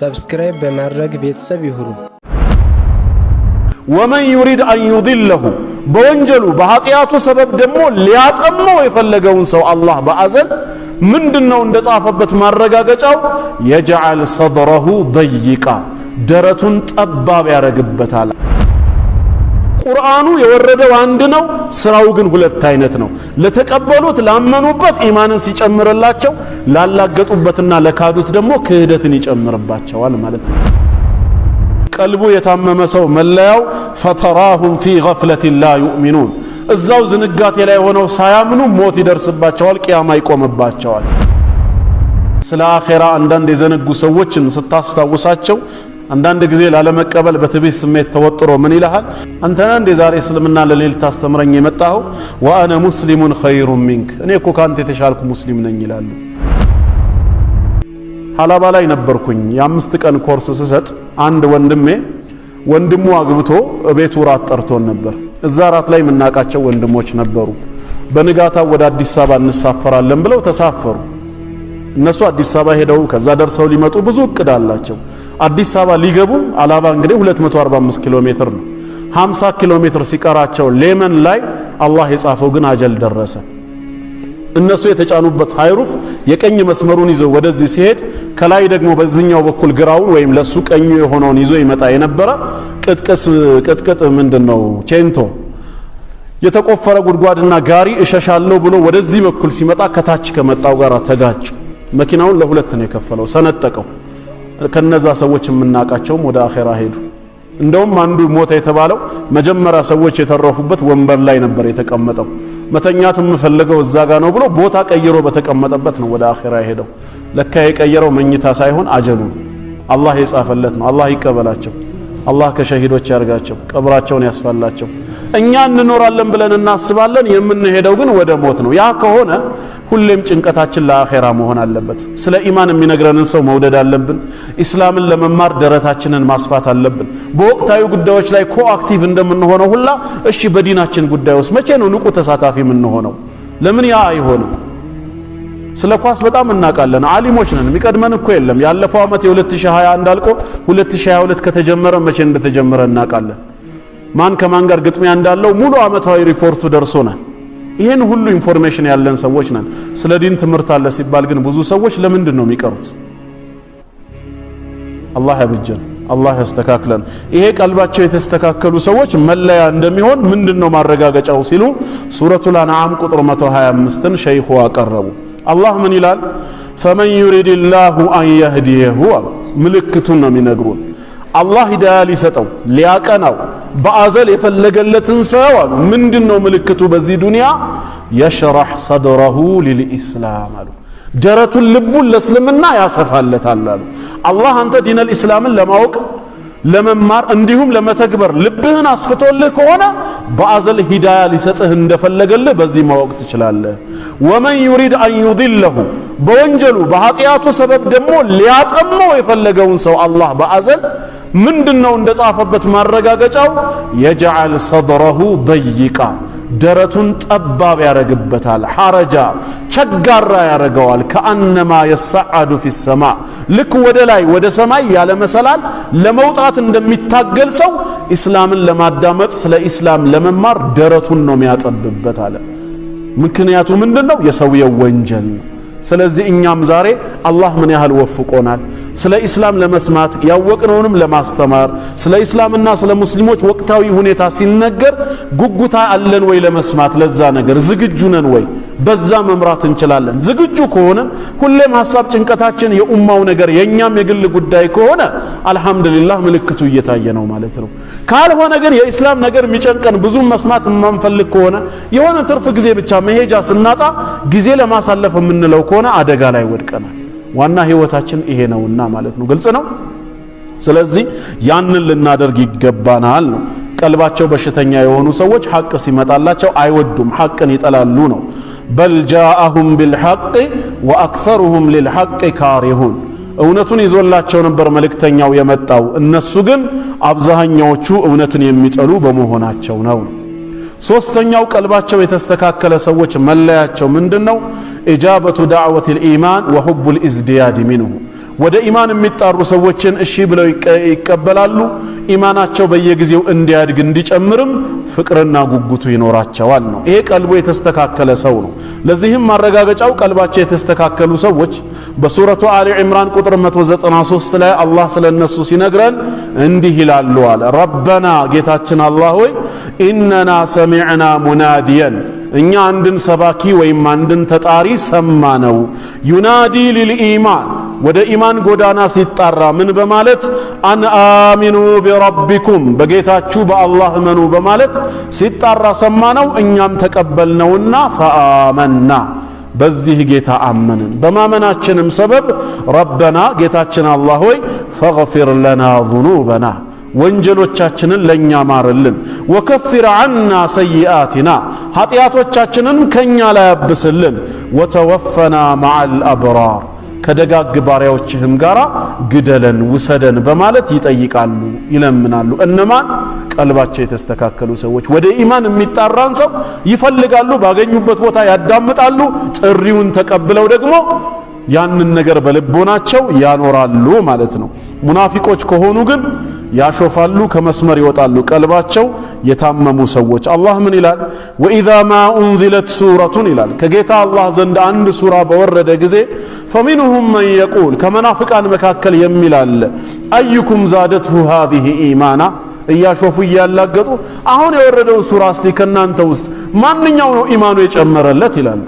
ሰብስክራይብ በማድረግ ቤተሰብ ይሁኑ። ወመን ዩሪድ አን ዩድለሁ በወንጀሉ በኃጢአቱ ሰበብ ደግሞ ሊያጠመው የፈለገውን ሰው አላህ በአዘን ምንድነው እንደጻፈበት ማረጋገጫው የጀዓል ሰድረሁ ደይቃ ደረቱን ጠባብ ያደርግበታል። ቁርአኑ የወረደው አንድ ነው፣ ስራው ግን ሁለት አይነት ነው። ለተቀበሉት ላመኑበት ኢማንን ሲጨምርላቸው፣ ላላገጡበትና ለካዱት ደግሞ ክህደትን ይጨምርባቸዋል ማለት ነው። ቀልቡ የታመመ ሰው መለያው ፈተራሁም ፊ ገፍለቲን ላ ዩእሚኑን፣ እዛው ዝንጋቴ ላይ ሆነው ሳያምኑ ሞት ይደርስባቸዋል፣ ቅያማ ይቆምባቸዋል። ስለ አኼራ አንዳንድ የዘነጉ ሰዎችን ስታስታውሳቸው አንዳንድ ጊዜ ላለመቀበል በትዕቢት ስሜት ተወጥሮ ምን ይልሃል? አንተ ነህ እንዴ ዛሬ እስልምና ለሌል ታስተምረኝ የመጣኸው? ወአነ ሙስሊሙን ኸይሩን ሚንክ፣ እኔ እኮ ካንተ የተሻልኩ ሙስሊም ነኝ ይላሉ። ሀላባ ላይ ነበርኩኝ። የአምስት ቀን ኮርስ ስሰጥ አንድ ወንድሜ ወንድሙ አግብቶ ቤቱ ራት ጠርቶን ነበር። እዛ ራት ላይ የምናቃቸው ወንድሞች ነበሩ። በንጋታው ወደ አዲስ አበባ እንሳፈራለን ብለው ተሳፈሩ። እነሱ አዲስ አበባ ሄደው ከዛ ደርሰው ሊመጡ ብዙ እቅድ አላቸው። አዲስ አበባ ሊገቡ አላባ እንግዲህ 245 ኪሎ ሜትር ነው። 50 ኪሎ ሜትር ሲቀራቸው ሌመን ላይ አላህ የጻፈው ግን አጀል ደረሰ። እነሱ የተጫኑበት ሃይሩፍ የቀኝ መስመሩን ይዞ ወደዚህ ሲሄድ ከላይ ደግሞ በዚህኛው በኩል ግራውን ወይም ለሱ ቀኙ የሆነውን ይዞ ይመጣ የነበረ ቅጥቅስ ቅጥቅጥ ምንድን ነው ቼንቶ የተቆፈረ ጉድጓድና ጋሪ እሸሻለሁ ብሎ ወደዚህ በኩል ሲመጣ ከታች ከመጣው ጋር ተጋጩ። መኪናውን ለሁለት ነው የከፈለው፣ ሰነጠቀው። ከነዛ ሰዎች የምናውቃቸውም ወደ አኼራ ሄዱ። እንደውም አንዱ ሞተ የተባለው መጀመሪያ ሰዎች የተረፉበት ወንበር ላይ ነበር የተቀመጠው። መተኛት የምፈልገው እዛ ጋ ነው ብሎ ቦታ ቀይሮ በተቀመጠበት ነው ወደ አኼራ ሄደው። ለካ የቀየረው መኝታ ሳይሆን አጀሉ አላህ የጻፈለት ነው። አላህ ይቀበላቸው። አላህ ከሸሂዶች ያርጋቸው፣ ቀብራቸውን ያስፋላቸው። እኛ እንኖራለን ብለን እናስባለን፣ የምንሄደው ግን ወደ ሞት ነው። ያ ከሆነ ሁሌም ጭንቀታችን ለአኼራ መሆን አለበት። ስለ ኢማን የሚነግረንን ሰው መውደድ አለብን። ኢስላምን ለመማር ደረታችንን ማስፋት አለብን። በወቅታዊ ጉዳዮች ላይ ኮአክቲቭ እንደምንሆነው ሁላ እሺ፣ በዲናችን ጉዳይ ውስጥ መቼ ነው ንቁ ተሳታፊ የምንሆነው? ለምን ያ አይሆንም? ስለ ኳስ በጣም እናውቃለን፣ አሊሞች ነን። የሚቀድመን እኮ የለም። ያለፈው ዓመት የ2020 እንዳልቆ 2022 ከተጀመረ መቼ እንደተጀመረ እናውቃለን። ማን ከማን ጋር ግጥሚያ እንዳለው ሙሉ ዓመታዊ ሪፖርቱ ደርሶናል። ይህን ሁሉ ኢንፎርሜሽን ያለን ሰዎች ነን። ስለ ዲን ትምህርት አለ ሲባል ግን ብዙ ሰዎች ለምንድን ነው የሚቀሩት? አላህ ያብጀን፣ አላህ ያስተካክለን። ይሄ ቀልባቸው የተስተካከሉ ሰዎች መለያ እንደሚሆን ምንድን ነው ማረጋገጫው ሲሉ ሱረቱል አንዓም ቁጥር 125ን ሸይኹ አቀረቡ። አላህ ምን ይላል? ፈመን ዩሪድ ላሁ አን የህድየሁ ምልክቱን ነው የሚነግሩን አላህ ሂዳያ ሊሰጠው ሊያቀናው በአዘል የፈለገለትን ሰው አሉ። ምንድን ነው ምልክቱ? በዚህ ዱንያ የሽራህ ሰድረሁ ሊልኢስላም አሉ፣ ደረቱን ልቡን ለእስልምና ያሰፋለታል አሉ። አላህ አንተ ዲነል ኢስላምን ለማወቅ ለመማር እንዲሁም ለመተግበር ልብህን አስፍቶልህ ከሆነ በአዘል ሂዳያ ሊሰጥህ እንደፈለገልህ በዚህ ማወቅ ትችላለህ። ወመን ዩሪድ አን ዩድለሁ በወንጀሉ በኃጢአቱ ሰበብ ደግሞ ሊያጠመው የፈለገውን ሰው አላህ በአዘል ምንድነው እንደጻፈበት ማረጋገጫው የጀዓል ሰድረሁ ደይቃ ደረቱን ጠባብ ያረግበታል። ሐረጃ ቸጋራ ያረገዋል። ከአነማ የሰዓዱ ፊ ሰማ ልክ ወደ ላይ ወደ ሰማይ ያለ መሰላል ለመውጣት እንደሚታገል ሰው ኢስላምን ለማዳመጥ ስለ ኢስላም ለመማር ደረቱን ነው የሚያጠብበት አለ። ምክንያቱ ምንድን ነው? የሰውየው ወንጀል ነው። ስለዚህ እኛም ዛሬ አላህ ምን ያህል ወፍቆናል ስለ ኢስላም ለመስማት ያወቅነውንም ለማስተማር ስለ ኢስላምና ስለ ሙስሊሞች ወቅታዊ ሁኔታ ሲነገር ጉጉታ አለን ወይ ለመስማት ለዛ ነገር ዝግጁ ነን ወይ በዛ መምራት እንችላለን ዝግጁ ከሆነ ሁሌም ሀሳብ ጭንቀታችን የኡማው ነገር የእኛም የግል ጉዳይ ከሆነ አልሐምዱሊላህ ምልክቱ እየታየ ነው ማለት ነው ካልሆነ ግን የኢስላም ነገር የሚጨንቀን ብዙ መስማት የማንፈልግ ከሆነ የሆነ ትርፍ ጊዜ ብቻ መሄጃ ስናጣ ጊዜ ለማሳለፍ የምንለው ከሆነ አደጋ ላይ ወድቀናል። ዋና ህይወታችን ይሄ ነውና ማለት ነው። ግልጽ ነው። ስለዚህ ያንን ልናደርግ ይገባናል ነው። ቀልባቸው በሽተኛ የሆኑ ሰዎች ሐቅ ሲመጣላቸው አይወዱም፣ ሐቅን ይጠላሉ ነው። በል ጃአሁም ቢልሐቅ ወአክሰሩሁም ሊልሐቅ ካሪሁን። እውነቱን ይዞላቸው ነበር መልእክተኛው የመጣው፣ እነሱ ግን አብዛኛዎቹ እውነትን የሚጠሉ በመሆናቸው ነው። ሶስተኛው ቀልባቸው የተስተካከለ ሰዎች መለያቸው ምንድነው? ኢጃበቱ ዳዕወት ልኢማን ወሁቡ ልእዝድያድ ሚንሁም ወደ ኢማን የሚጣሩ ሰዎችን እሺ ብለው ይቀበላሉ። ኢማናቸው በየጊዜው እንዲያድግ እንዲጨምርም ፍቅርና ጉጉቱ ይኖራቸዋል ነው። ይሄ ቀልቡ የተስተካከለ ሰው ነው። ለዚህም ማረጋገጫው ቀልባቸው የተስተካከሉ ሰዎች በሱረቱ አሊ ዕምራን ቁጥር 193 ላይ አላህ ስለ እነሱ ሲነግረን እንዲህ ይላሉ አለ። ረበና ጌታችን አላህ ሆይ ኢነና ሰሚዕና ሙናዲየን እኛ አንድን ሰባኪ ወይም አንድን ተጣሪ ሰማ ነው። ዩናዲ ሊልኢማን ወደ ኢማን ጎዳና ሲጣራ ምን በማለት አን አሚኑ ቢረቢኩም በጌታችሁ በአላህ እመኑ በማለት ሲጣራ ሰማ ነው። እኛም ተቀበልነውና ፈአመና በዚህ ጌታ አመንን። በማመናችንም ሰበብ ረበና ጌታችን አላህ ሆይ ፈግፊር ለና ዙኑበና ወንጀሎቻችንን ለእኛ ማርልን፣ ወከፊር አና ሰይአቲና ኃጢአቶቻችንን ከእኛ ላይ አብስልን ወተወፈና መዓል አብራር ከደጋግ ባሪያዎችህም ጋር ግደለን ውሰደን በማለት ይጠይቃሉ፣ ይለምናሉ። እነማን? ቀልባቸው የተስተካከሉ ሰዎች፣ ወደ ኢማን የሚጣራን ሰው ይፈልጋሉ። ባገኙበት ቦታ ያዳምጣሉ። ጥሪውን ተቀብለው ደግሞ ያንን ነገር በልቦናቸው ያኖራሉ ማለት ነው። ሙናፊቆች ከሆኑ ግን ያሾፋሉ፣ ከመስመር ይወጣሉ። ቀልባቸው የታመሙ ሰዎች አላህ ምን ይላል? ወኢዛ ማ ኡንዚለት ሱረቱን ይላል። ከጌታ አላህ ዘንድ አንድ ሱራ በወረደ ጊዜ ፈሚንሁም መን የቁል ከመናፍቃን መካከል የሚላለ አዩኩም ዛደትሁ ሃዚህ ኢማና እያሾፉ እያላገጡ አሁን የወረደው ሱራ እስቲ ከእናንተ ውስጥ ማንኛው ነው ኢማኑ የጨመረለት ይላሉ።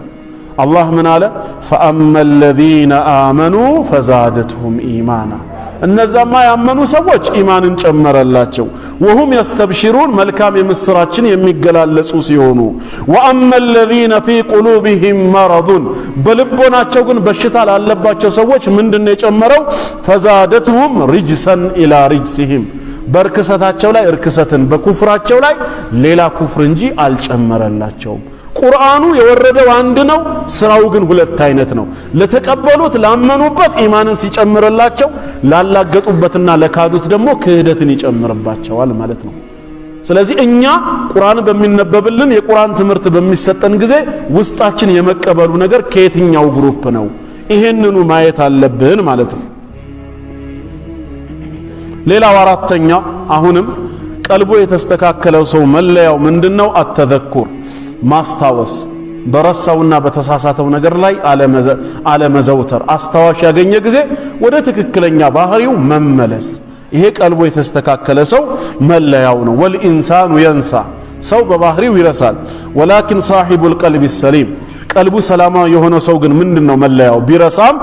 አላህ ምን አለ? ፈአማ አለዚነ አመኑ ፈዛደትሁም ኢማና እነዛማ ያመኑ ሰዎች ኢማንን ጨመረላቸው። ወሁም የስተብሽሩን መልካም የምስራችን የሚገላለጹ ሲሆኑ፣ ወአማ አለዚነ ፊ ቁሉብህም መረዱን በልቦናቸው ግን በሽታ ላለባቸው ሰዎች ምንድነው የጨመረው? ፈዛደትሁም ርጅሰን ኢላ ሪጅሲህም በርክሰታቸው ላይ እርክሰትን በኩፍራቸው ላይ ሌላ ኩፍር እንጂ አልጨመረላቸውም። ቁርአኑ የወረደው አንድ ነው፣ ስራው ግን ሁለት አይነት ነው። ለተቀበሉት ላመኑበት ኢማንን ሲጨምርላቸው፣ ላላገጡበትና ለካዱት ደግሞ ክህደትን ይጨምርባቸዋል ማለት ነው። ስለዚህ እኛ ቁርአን በሚነበብልን የቁርአን ትምህርት በሚሰጠን ጊዜ ውስጣችን የመቀበሉ ነገር ከየትኛው ግሩፕ ነው? ይሄንኑ ማየት አለብን ማለት ነው። ሌላው አራተኛ፣ አሁንም ቀልቦ የተስተካከለው ሰው መለያው ምንድነው? አተዘኩር ማስታወስ በረሳውና በተሳሳተው ነገር ላይ አለመዘውተር፣ አስታዋሽ ያገኘ ጊዜ ወደ ትክክለኛ ባህሪው መመለስ። ይሄ ቀልቦ የተስተካከለ ሰው መለያው ነው። ወልኢንሳኑ የንሳ ሰው በባህሪው ይረሳል። ወላኪን ሳሒቡል ቀልቢ ሰሊም ቀልቡ ሰላማዊ የሆነ ሰው ግን ምንድን ነው መለያው? ቢረሳም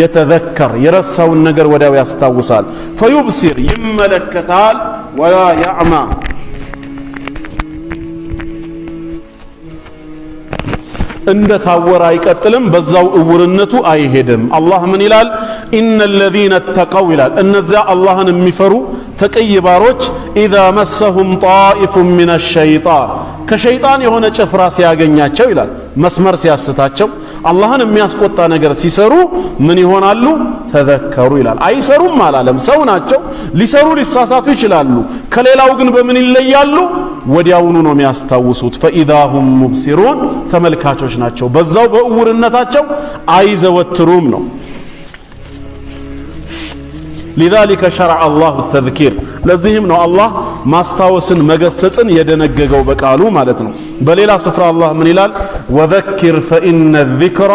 የተዘከር የረሳውን ነገር ወዲያው ያስታውሳል። ፈዩብሲር ይመለከታል። ወላ ያዕማ እንደ ታወረ አይቀጥልም። በዛው እውርነቱ አይሄድም። አላህ ምን ይላል? ኢነለዚነ ተቀው ይላል። እነዚያ አላህን የሚፈሩ ተቀይ ባሮች ኢዛ መሰሁም ጣኢፉን ሚነ ሸይጣን ከሸይጣን የሆነ ጭፍራ ሲያገኛቸው ይላል መስመር ሲያስታቸው አላህን የሚያስቆጣ ነገር ሲሰሩ ምን ይሆናሉ? ተዘከሩ ይላል። አይሰሩም አላለም። ሰው ናቸው፣ ሊሰሩ ሊሳሳቱ ይችላሉ። ከሌላው ግን በምን ይለያሉ? ወዲያውኑ ነው የሚያስታውሱት። ፈኢዛ ሁም ሙብሲሩን ተመልካቾች ናቸው። በዛው በእውርነታቸው አይዘወትሩም ነው። ሊዛሊከ ሸረዐ አላሁ ተዝኪር። ለዚህም ነው አላህ ማስታወስን መገሰጽን የደነገገው በቃሉ ማለት ነው። በሌላ ስፍራ አላህ ምን ይላል? ወዘኪር ፈኢነ ዚክራ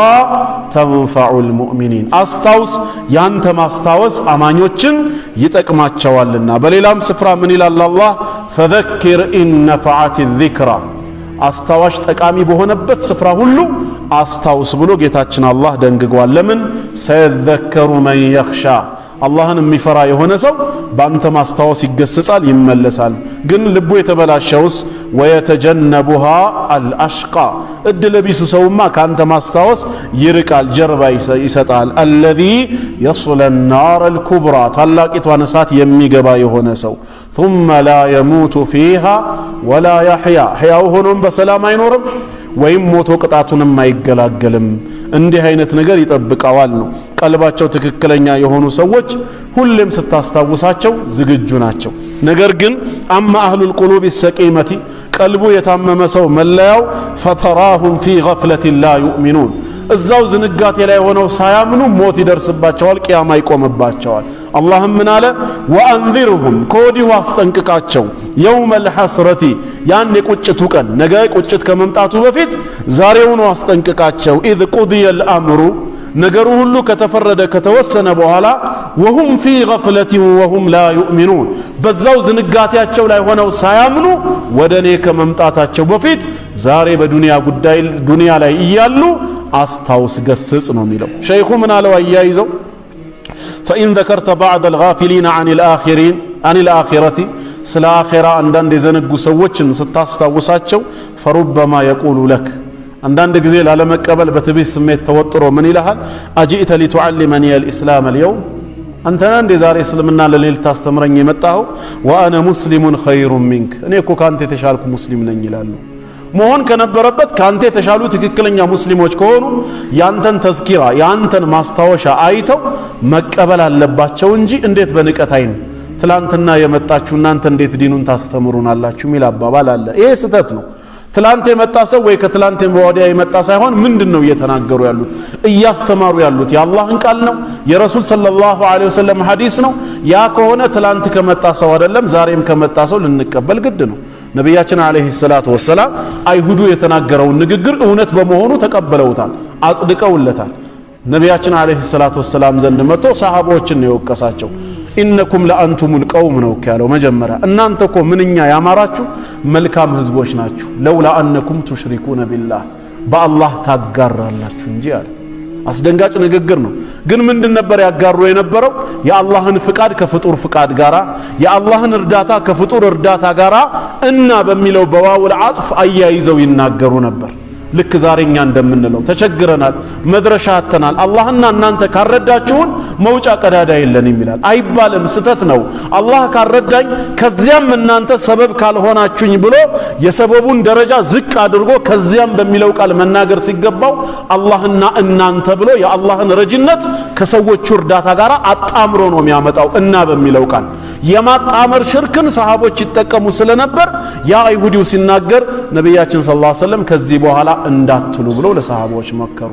ተንፋዑል ሙእሚኒን አስታውስ፣ ያንተ ማስታወስ አማኞችን ይጠቅማቸዋልና። በሌላም ስፍራ ምን ይላል አላህ? ፈዘኪር ኢን ነፈዓት ዚክራ፣ አስታዋሽ ጠቃሚ በሆነበት ስፍራ ሁሉ አስታውስ ብሎ ጌታችን አላህ ደንግጓል። ለምን? ሰየዘከሩ መን የኽሻ አላህን የሚፈራ የሆነ ሰው በአንተ ማስታወስ ይገሰጻል፣ ይመለሳል። ግን ልቡ የተበላሸውስ ወየተጀነቡሃ አልአሽቃ እድለቢሱ ሰውማ ከአንተ ማስታወስ ይርቃል፣ ጀርባ ይሰጣል። አለዚ የስለ ናር አልኩብራ ታላቂቷን እሳት የሚገባ የሆነ ሰው ثመ ላ የሙቱ ፊሃ ወላ ያሕያ ሕያው ሆኖም በሰላም አይኖርም ወይም ሞቶ ቅጣቱንም አይገላገልም። እንዲህ አይነት ነገር ይጠብቀዋል ነው ቀልባቸው ትክክለኛ የሆኑ ሰዎች ሁሌም ስታስታውሳቸው ዝግጁ ናቸው። ነገር ግን አማ አህሉል ቁሉብ ሰቂመቲ ቀልቡ የታመመ ሰው መለያው ፈተራሁም ፊ ገፍለቲን ላ ዩእሚኑን እዛው ዝንጋቴ ላይ ሆነው ሳያምኑ ሞት ይደርስባቸዋል፣ ቅያማ ይቆምባቸዋል። አላህም ምን አለ? ወአንዚርሁም ከወዲሁ አስጠንቅቃቸው፣ የውመ ልሐስረቲ ያን የቁጭቱ ቀን ነገ ቁጭት ከመምጣቱ በፊት ዛሬውኑ አስጠንቅቃቸው ኢዝ ቁድየ ልአምሩ ነገሩ ሁሉ ከተፈረደ ከተወሰነ በኋላ ወሁም ፊ ገፍለቲን ወሁም ላ ዩእሚኑን በዛው ዝንጋቴያቸው ላይ ሆነው ሳያምኑ ወደ እኔ ከመምጣታቸው በፊት ዛሬ በዱንያ ጉዳይ ዱንያ ላይ እያሉ አስታውስ ገስጽ ነው የሚለው ሸይኹ ምን አለው አያይዘው ፈኢን ዘከርተ ባዕድ አልጋፊሊን አን ልአኺረቲ ስለ አኼራ አንዳንድ የዘነጉ ሰዎችን ስታስታውሳቸው ፈሩበማ የቁሉ ለክ አንዳንድ ጊዜ ላለመቀበል በትዕቢት ስሜት ተወጥሮ ምን ይልሃል? አጂእተ ሊቱዓሊመኒ አልኢስላም አልየውም አንተና እንዴ ዛሬ እስልምና ለሌል ታስተምረኝ የመጣኸው? ወአነ ሙስሊሙን ኸይሩ ሚንክ እኔ እኮ ከአንተ የተሻልኩ ሙስሊም ነኝ ይላሉ። መሆን ከነበረበት ከአንተ የተሻሉ ትክክለኛ ሙስሊሞች ከሆኑ ያንተን ተዝኪራ ያንተን ማስታወሻ አይተው መቀበል አለባቸው እንጂ እንዴት በንቀት አይን ትላንትና የመጣችሁ እናንተ እንዴት ዲኑን ታስተምሩናላችሁ? ሚል አባባል አለ። ይሄ ስህተት ነው። ትላንት የመጣ ሰው ወይ ከትላንት ወዲያ የመጣ ሳይሆን ምንድን ነው እየተናገሩ ያሉት እያስተማሩ ያሉት የአላህን ቃል ነው የረሱል ሰለላሁ ዐለይሂ ወሰለም ሐዲስ ነው ያ ከሆነ ትላንት ከመጣ ሰው አይደለም ዛሬም ከመጣ ሰው ልንቀበል ግድ ነው ነቢያችን ዐለይሂ ሰላቱ ወሰላም አይሁዱ የተናገረውን ንግግር እውነት በመሆኑ ተቀበለውታል አጽድቀውለታል ነቢያችን ዐለይሂ ሰላቱ ወሰላም ዘንድ መጥቶ ሰሃቦችን ነው የወቀሳቸው ኢነኩም ለአንቱሙል ቀውም ነው እኮ ያለው መጀመሪያ። እናንተ እኮ ምንኛ ያማራችሁ መልካም ህዝቦች ናችሁ። ለውላ አነኩም ቱሽሪኩነ ቢላህ በአላህ ታጋራላችሁ እንጂ አለ። አስደንጋጭ ንግግር ነው። ግን ምንድን ነበር ያጋሩ የነበረው? የአላህን ፍቃድ ከፍጡር ፍቃድ ጋራ፣ የአላህን እርዳታ ከፍጡር እርዳታ ጋራ እና በሚለው በዋውል አጥፍ አያይዘው ይናገሩ ነበር። ልክ ዛሬ እኛ እንደምንለው ተቸግረናል፣ መድረሻ አተናል፣ አላህና እናንተ ካረዳችሁን መውጫ ቀዳዳ የለን የሚላል አይባልም፣ ስተት ነው። አላህ ካረዳኝ ከዚያም እናንተ ሰበብ ካልሆናችሁኝ ብሎ የሰበቡን ደረጃ ዝቅ አድርጎ ከዚያም በሚለው ቃል መናገር ሲገባው አላህና እናንተ ብሎ የአላህን ረጅነት ከሰዎቹ እርዳታ ጋር አጣምሮ ነው የሚያመጣው። እና በሚለው ቃል የማጣመር ሽርክን ሰሃቦች ይጠቀሙ ስለነበር ያ አይሁዲው ሲናገር ነቢያችን ሰለላሁ ዐለይሂ ወሰለም ከዚህ በኋላ እንዳትሉ ብሎ ለሰሃቦች መከሩ።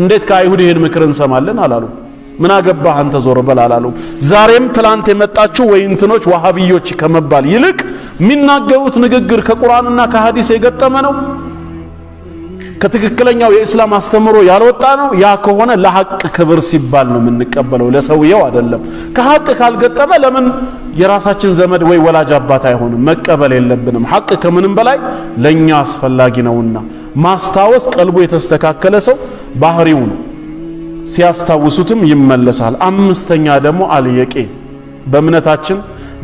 እንዴት ከአይሁድ ይህን ምክር እንሰማለን አላሉ። ምን አገባህ አንተ ዞር በል አላሉ። ዛሬም ትላንት የመጣችሁ ወይ እንትኖች ዋሃብዮች ከመባል ይልቅ የሚናገሩት ንግግር ከቁርአንና ከሀዲስ የገጠመ ነው። ከትክክለኛው የእስላም አስተምሮ ያልወጣ ነው። ያ ከሆነ ለሀቅ ክብር ሲባል ነው የምንቀበለው፣ ለሰውየው አይደለም። ከሀቅ ካልገጠመ ለምን የራሳችን ዘመድ ወይ ወላጅ አባት አይሆንም? መቀበል የለብንም። ሀቅ ከምንም በላይ ለእኛ አስፈላጊ ነውና ማስታወስ ቀልቡ የተስተካከለ ሰው ባህሪው ነው። ሲያስታውሱትም ይመለሳል። አምስተኛ ደግሞ አልየቄ በእምነታችን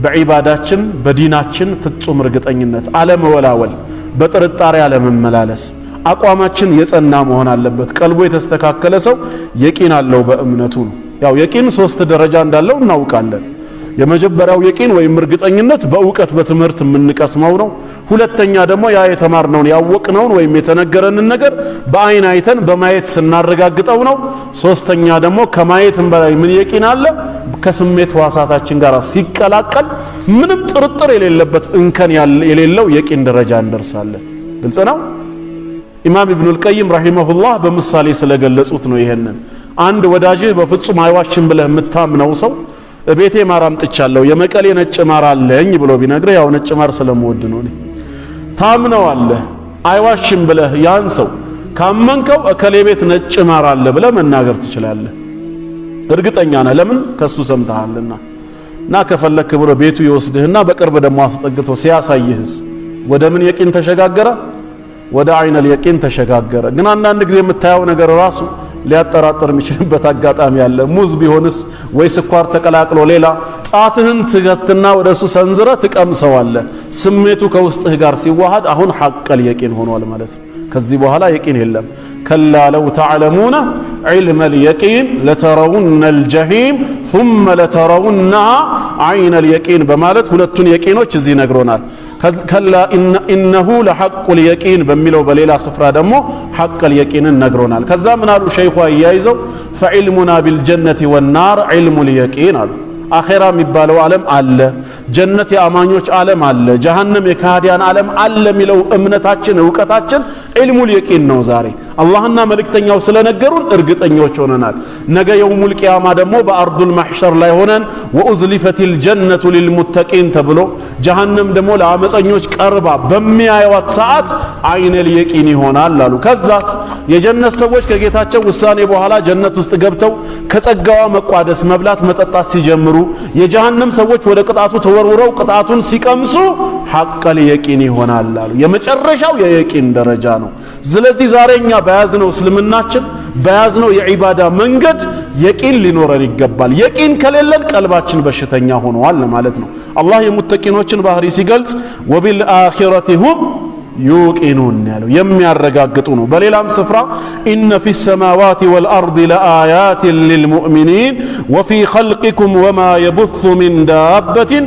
በዒባዳችን በዲናችን ፍጹም እርግጠኝነት አለመወላወል፣ በጥርጣሬ አለመመላለስ አቋማችን የጸና መሆን አለበት። ቀልቦ የተስተካከለ ሰው የቂን አለው በእምነቱ ነው። ያው የቂን ሶስት ደረጃ እንዳለው እናውቃለን። የመጀመሪያው የቂን ወይም እርግጠኝነት በእውቀት በትምህርት የምንቀስመው ነው። ሁለተኛ ደግሞ ያ የተማርነውን ያወቅነውን ወይም የተነገረንን ነገር በአይን አይተን በማየት ስናረጋግጠው ነው። ሶስተኛ ደግሞ ከማየትም በላይ ምን የቂን አለ? ከስሜት ህዋሳታችን ጋር ሲቀላቀል ምንም ጥርጥር የሌለበት እንከን የሌለው የቂን ደረጃ እንደርሳለን። ግልጽ ነው። ኢማም ኢብኑል ቀይም ረሂመሁላህ በምሳሌ ስለገለጹት ነው። ይሄንን አንድ ወዳጅህ በፍጹም አይዋሽም ብለህ የምታምነው ሰው ቤቴ ማር አምጥቻለሁ የመቀሌ ነጭ ማር አለኝ ብሎ ቢነግርህ ያው ነጭ ማር ስለምወድ ነው እኔ ታምነዋለህ። አይዋሽም ብለህ ያን ሰው ካመንከው እከሌ ቤት ነጭ ማር አለ ብለህ መናገር ትችላለህ። እርግጠኛ ነህ፣ ለምን ከሱ ሰምተሃልና። እና ከፈለክ ብሎ ቤቱ ይወስድህና በቅርብ ደግሞ አስጠግቶ ሲያሳይህስ ወደ ምን የቂን ተሸጋገረ? ወደ አይነል የቂን ተሸጋገረ። ግን አንዳንድ ጊዜ የምታየው ነገር ራሱ ሊያጠራጥር የሚችልበት አጋጣሚ አለ። ሙዝ ቢሆንስ ወይ ስኳር ተቀላቅሎ ሌላ። ጣትህን ትገትና ወደ እሱ ሰንዝረ ትቀምሰዋለ። ስሜቱ ከውስጥህ ጋር ሲዋሃድ አሁን ሐቀል የቂን ሆኗል ማለት ነው። ከዚህ በኋላ የቂን የለም። ከላ ለው ተዕለሙነ ዒልመል የቂን ለተረውነል ጀሂም ሱመ ለተረውና ዐይነል የቂን በማለት ሁለቱን የቂኖች እዚህ ነግሮናል። ከላ ኢነሁ ለሐቁል የቂን በሚለው በሌላ ስፍራ ደግሞ ሐቀል የቂንን ነግሮናል። ከዛ ምናሉ አሉ ሸይኹ አያይዘው ፈዒልሙና ቢልጀነቲ ወናር ዒልሙል የቂን አሉ። አኼራ የሚባለው ዓለም አለ፣ ጀነት የአማኞች ዓለም አለ፣ ጀሃነም የካህዲያን ዓለም አለ የሚለው እምነታችን እውቀታችን ዒልሙል የቂን ነው። ዛሬ አላህና መልእክተኛው ስለነገሩን እርግጠኞች ሆነናል። ነገ የውሙል ቂያማ ደግሞ በአርዱል ማሕሸር ላይ ሆነን ወኡዝሊፈቲል ጀነቱ ሊልሙተቂን ተብሎ ጀሃነም ደግሞ ለአመፀኞች ቀርባ በሚያዩዋት ሰዓት አይነል የቂን ይሆናል አሉ። ከዛስ የጀነት ሰዎች ከጌታቸው ውሳኔ በኋላ ጀነት ውስጥ ገብተው ከጸጋዋ መቋደስ፣ መብላት፣ መጠጣት ሲጀምሩ የጀሃነም ሰዎች ወደ ቅጣቱ ተወርውረው ቅጣቱን ሲቀምሱ ሐቀል የቂን ይሆናል አሉ። የመጨረሻው የየቂን ደረጃ ነው። ስለዚህ ዛሬ እኛ በያዝነው እስልምናችን በያዝነው የዒባዳ መንገድ የቂን ሊኖረን ይገባል። የቂን ከሌለን ቀልባችን በሽተኛ ሆነዋል ለማለት ነው። አላህ የሙተቂኖችን ባህሪ ሲገልጽ ወቢል አኺረቲ ሁም ዩቂኑን ያለው የሚያረጋግጡ ነው። በሌላም ስፍራ ኢነ ፊ ሰማዋት ወልአርድ ለአያትን ልልሙእሚኒን ወፊ ኸልቂኩም ወማ የቡሱ ምን ዳበትን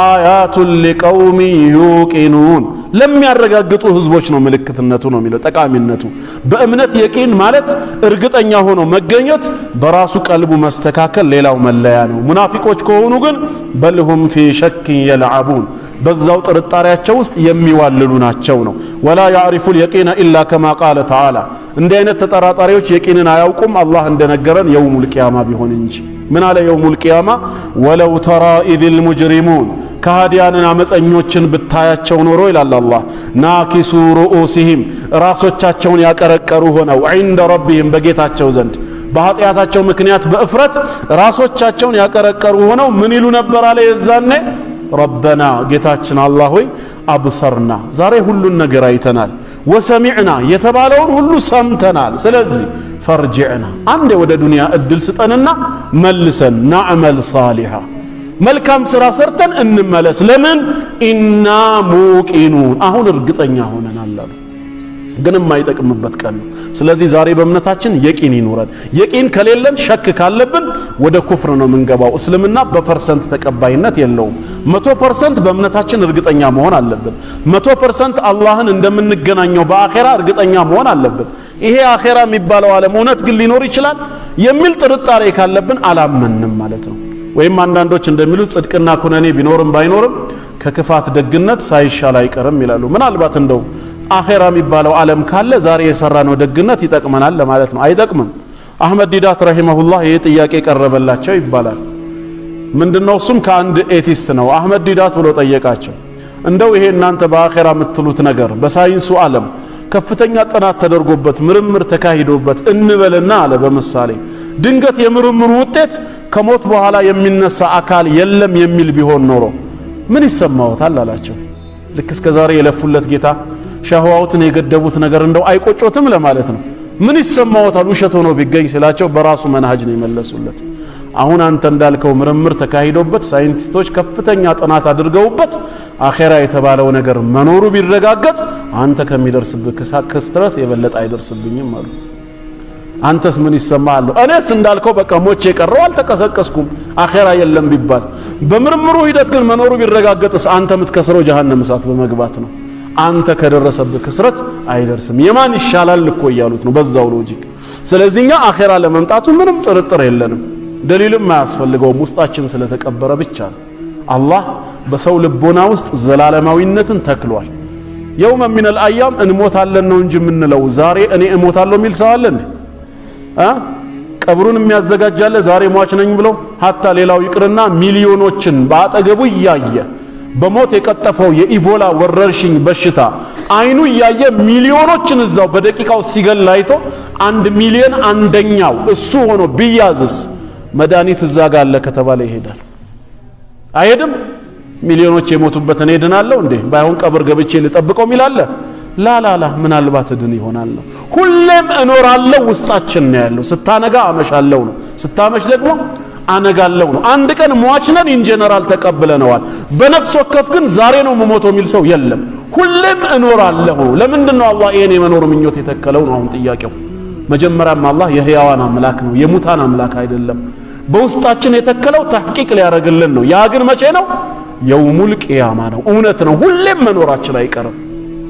አያቱን ሊቀውሚ ዩቂኑን ለሚያረጋግጡ ህዝቦች ነው ምልክትነቱ ነው የሚለው ጠቃሚነቱ። በእምነት የቂን ማለት እርግጠኛ ሆኖ መገኘት በራሱ ቀልቡ መስተካከል ሌላው መለያ ነው። ሙናፊቆች ከሆኑ ግን በልሁም ፊ ሸኪን የልዓቡን በዛው ጥርጣሬያቸው ውስጥ የሚዋልሉ ናቸው ነው። ወላ ያዕሪፉል የቂነ ኢላ ከማ ቃለ ተዓላ እንዲህ አይነት ተጠራጣሪዎች የቂንን አያውቁም አላህ እንደነገረን የውሙል ቅያማ ቢሆን እንጂ ምን አለ የውሙል ቂያማ ወለው ተራ ኢዝል ሙጅሪሙን ከሃዲያንን አመፀኞችን ብታያቸው ኖሮ ይላል አላህ ናኪሱ ሩኡሲሂም ራሶቻቸውን ያቀረቀሩ ሆነው ዒንደ ረቢህም በጌታቸው ዘንድ በኃጢአታቸው ምክንያት በእፍረት ራሶቻቸውን ያቀረቀሩ ሆነው ምን ይሉ ነበር አለ የዛኔ ረበና ጌታችን አላህ ሆይ አብሰርና ዛሬ ሁሉን ነገር አይተናል ወሰሚዕና የተባለውን ሁሉ ሰምተናል ስለዚህ ፈርጅዕና አንዴ ወደ ዱንያ እድል ስጠንና መልሰን ናዕመል ሳሊሃ መልካም ስራ ሰርተን እንመለስ ለምን ኢና ሙቂኑን አሁን እርግጠኛ ሆነናል አሉ ግን የማይጠቅምበት ቀን ነው። ስለዚህ ዛሬ በእምነታችን የቂን ይኑረን። የቂን ከሌለን ሸክ ካለብን ወደ ኩፍር ነው የምንገባው። እስልምና በፐርሰንት ተቀባይነት የለውም። መቶ ፐርሰንት በእምነታችን እርግጠኛ መሆን አለብን። መቶ ፐርሰንት አላህን እንደምንገናኘው በአኼራ እርግጠኛ መሆን አለብን። ይሄ አኼራ የሚባለው ዓለም እውነት ግን ሊኖር ይችላል የሚል ጥርጣሬ ካለብን አላመንም ማለት ነው። ወይም አንዳንዶች እንደሚሉት ጽድቅና ኩነኔ ቢኖርም ባይኖርም ከክፋት ደግነት ሳይሻል አይቀርም ይላሉ። ምናልባት እንደው አኼራ የሚባለው ዓለም ካለ ዛሬ የሰራነው ደግነት ይጠቅመናል ለማለት ነው። አይጠቅምም። አህመድ ዲዳት ረሂመሁላህ ይህ ጥያቄ ቀረበላቸው ይባላል። ምንድነው? እሱም ከአንድ ኤቲስት ነው። አህመድ ዲዳት ብሎ ጠየቃቸው። እንደው ይሄ እናንተ በአኼራ የምትሉት ነገር በሳይንሱ ዓለም ከፍተኛ ጥናት ተደርጎበት ምርምር ተካሂዶበት እንበልና አለ በምሳሌ ድንገት የምርምሩ ውጤት ከሞት በኋላ የሚነሳ አካል የለም የሚል ቢሆን ኖሮ ምን ይሰማዎታል? አላቸው ልክ እስከ ዛሬ የለፉለት ጌታ ሻህዋውትን የገደቡት ነገር እንደው አይቆጮትም ለማለት ነው። ምን ይሰማዎታል ውሸት ሆኖ ቢገኝ ስላቸው በራሱ መናሃጅ ነው የመለሱለት። አሁን አንተ እንዳልከው ምርምር ተካሂዶበት ሳይንቲስቶች ከፍተኛ ጥናት አድርገውበት አኼራ የተባለው ነገር መኖሩ ቢረጋገጥ አንተ ከሚደርስብህ ክስተት የበለጠ አይደርስብኝም አሉ። አንተስ ምን ይሰማሃል? እኔስ እንዳልከው በቃ ሞቼ የቀረው አልተቀሰቀስኩም፣ አኼራ የለም ቢባል። በምርምሩ ሂደት ግን መኖሩ ቢረጋገጥስ አንተ የምትከስረው ጀሃነም እሳት በመግባት ነው። አንተ ከደረሰብህ ክስረት አይደርስም። የማን ይሻላል እኮ እያሉት ነው በዛው ሎጂክ። ስለዚህ እኛ አኼራ ለመምጣቱ ምንም ጥርጥር የለንም፣ ደሊልም አያስፈልገውም። ውስጣችን ስለተቀበረ ብቻ ነው። አላህ በሰው ልቦና ውስጥ ዘላለማዊነትን ተክሏል። የውመ ሚነል አያም እንሞታለን ነው እንጂ የምንለው ዛሬ እኔ እሞታለሁ የሚል ሰው አለ እንዴ? ቀብሩን የሚያዘጋጃለ ዛሬ ሟች ነኝ ብለው ሀታ ሌላው ይቅርና ሚሊዮኖችን በአጠገቡ እያየ በሞት የቀጠፈው የኢቦላ ወረርሽኝ በሽታ አይኑ እያየ ሚሊዮኖችን እዛው በደቂቃው ሲገል አይቶ አንድ ሚሊዮን አንደኛው እሱ ሆኖ ቢያዝስ መድኃኒት እዛ ጋር አለ ከተባለ ይሄዳል አይሄድም? ሚሊዮኖች እኔ እድናለሁ እንዴ ባይሆን ቀብር ገብቼ ልጠብቀው ሚላለ ላላላ ምናልባት እድን ይሆናል ነው። ሁሌም እኖራለሁ ውስጣችን ነው ያለው። ስታነጋ አመሻለሁ ነው፣ ስታመሽ ደግሞ አነጋለው ነው። አንድ ቀን መዋችነን ነን ኢንጀነራል ተቀብለነዋል። በነፍስ ወከፍ ግን ዛሬ ነው መሞቶ የሚል ሰው የለም። ሁሌም እኖራለሁ ነው። ለምንድን ነው አላህ ይሄን የመኖር ምኞት የተከለው ነው? አሁን ጥያቄው መጀመሪያም አላህ የህያዋን አምላክ ነው፣ የሙታን አምላክ አይደለም። በውስጣችን የተከለው ተሕቂቅ ሊያደርግልን ነው። ያ ግን መቼ ነው? የውሙል ቂያማ ነው። እውነት ነው። ሁሌም መኖራችን አይቀርም።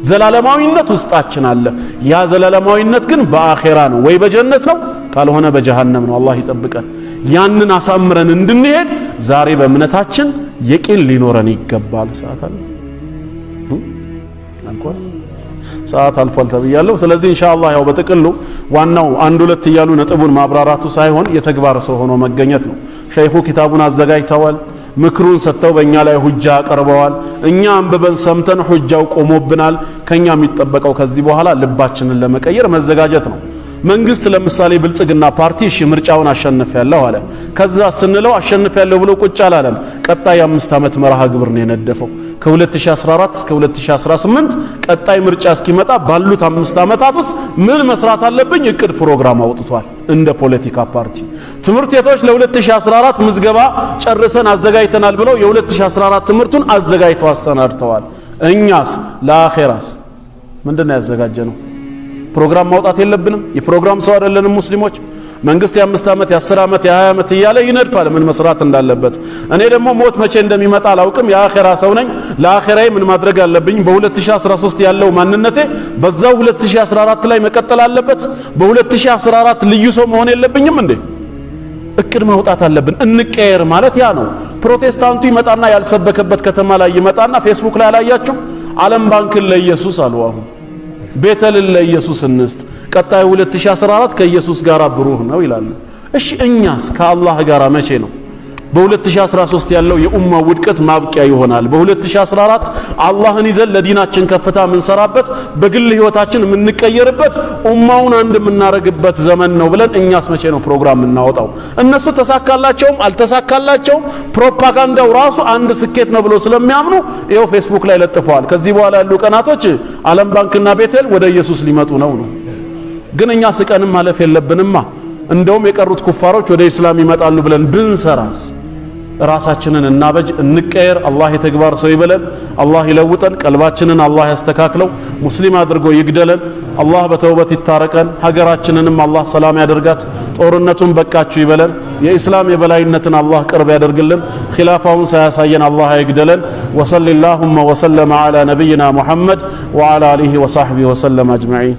ዘላለማዊነት ውስጣችን አለ። ያ ዘላለማዊነት ግን በአኼራ ነው፣ ወይ በጀነት ነው ካልሆነ በጀሃነም ነው። አላህ ይጠብቀን። ያንን አሳምረን እንድንሄድ ዛሬ በእምነታችን የቂን ሊኖረን ይገባል። ሰዓት አለ አልኳል፣ ሰዓት አልፏል ተብያለሁ። ስለዚህ ኢንሻአላህ ያው በጥቅሉ ዋናው አንድ ሁለት እያሉ ነጥቡን ማብራራቱ ሳይሆን የተግባር ሰው ሆኖ መገኘት ነው። ሸይኹ ኪታቡን አዘጋጅተዋል። ምክሩን ሰጥተው በእኛ ላይ ሁጃ አቀርበዋል። እኛ አንብበን ሰምተን ሁጃው ቆሞብናል። ከኛ የሚጠበቀው ከዚህ በኋላ ልባችንን ለመቀየር መዘጋጀት ነው። መንግስት ለምሳሌ ብልጽግና ፓርቲ እሺ ምርጫውን አሸንፍ ያለው አለ። ከዛ ስንለው አሸንፍ ያለው ብሎ ቁጭ አላለም። ቀጣይ የአምስት ዓመት መርሃ ግብር ነው የነደፈው ከ2014 እስከ 2018 ቀጣይ ምርጫ እስኪመጣ ባሉት አምስት ዓመታት ውስጥ ምን መስራት አለብኝ እቅድ ፕሮግራም አውጥቷል። እንደ ፖለቲካ ፓርቲ ትምህርት ቤቶች ለ2014 ምዝገባ ጨርሰን አዘጋጅተናል ብለው የ2014 ትምህርቱን አዘጋጅተው አሰናድተዋል። እኛስ ለአኼራስ ምንድን ነው ያዘጋጀ ነው? ፕሮግራም ማውጣት የለብንም። የፕሮግራም ሰው አይደለንም ሙስሊሞች። መንግስት የአምስት ዓመት የአስር ዓመት የሀያ ዓመት እያለ ይነድፋል ምን መስራት እንዳለበት። እኔ ደግሞ ሞት መቼ እንደሚመጣ አላውቅም። የአኼራ ሰው ነኝ። ለአኼራዬ ምን ማድረግ አለብኝ? በ2013 ያለው ማንነቴ በዛው 2014 ላይ መቀጠል አለበት። በ2014 ልዩ ሰው መሆን የለብኝም እንዴ? እቅድ ማውጣት አለብን። እንቀየር ማለት ያ ነው። ፕሮቴስታንቱ ይመጣና ያልሰበከበት ከተማ ላይ ይመጣና ፌስቡክ ላይ አላያችሁ ዓለም ባንክን ለኢየሱስ አሉ አሁን ቤተልን ለኢየሱስ እንስጥ። ቀጣዩ 2014 ከኢየሱስ ጋር ብሩህ ነው ይላሉ። እሺ እኛስ ከአላህ ጋር መቼ ነው? በ2013 ያለው የኡማ ውድቀት ማብቂያ ይሆናል። በ2014 አላህን ይዘን ለዲናችን ከፍታ የምንሰራበት በግል ህይወታችን የምንቀየርበት ኡማውን አንድ የምናረግበት ዘመን ነው ብለን እኛስ መቼ ነው ፕሮግራም የምናወጣው? እነሱ ተሳካላቸውም አልተሳካላቸውም ፕሮፓጋንዳው ራሱ አንድ ስኬት ነው ብሎ ስለሚያምኑ ይኸው ፌስቡክ ላይ ለጥፈዋል። ከዚህ በኋላ ያሉ ቀናቶች ዓለም ባንክና ቤቴል ወደ ኢየሱስ ሊመጡ ነው ነው። ግን እኛ ስቀንም ማለፍ የለብንማ። እንደውም የቀሩት ኩፋሮች ወደ ኢስላም ይመጣሉ ብለን ብንሰራስ ራሳችንን እናበጅ፣ እንቀየር። አላህ የተግባር ሰው ይበለን። አላህ ይለውጠን። ቀልባችንን አላህ ያስተካክለው። ሙስሊም አድርጎ ይግደለን። አላህ በተውበት ይታረቀን። ሀገራችንንም አላህ ሰላም ያደርጋት። ጦርነቱን በቃችሁ ይበለን። የኢስላም የበላይነትን አላህ ቅርብ ያደርግልን። ኺላፋውን ሳያሳየን አላህ አይግደለን። ወሰል ላሁመ ወሰለመ ዓላ ነቢይና ሙሐመድ ወዓላ አሊሂ ወሳሕቢሂ ወሰለም አጅመዒን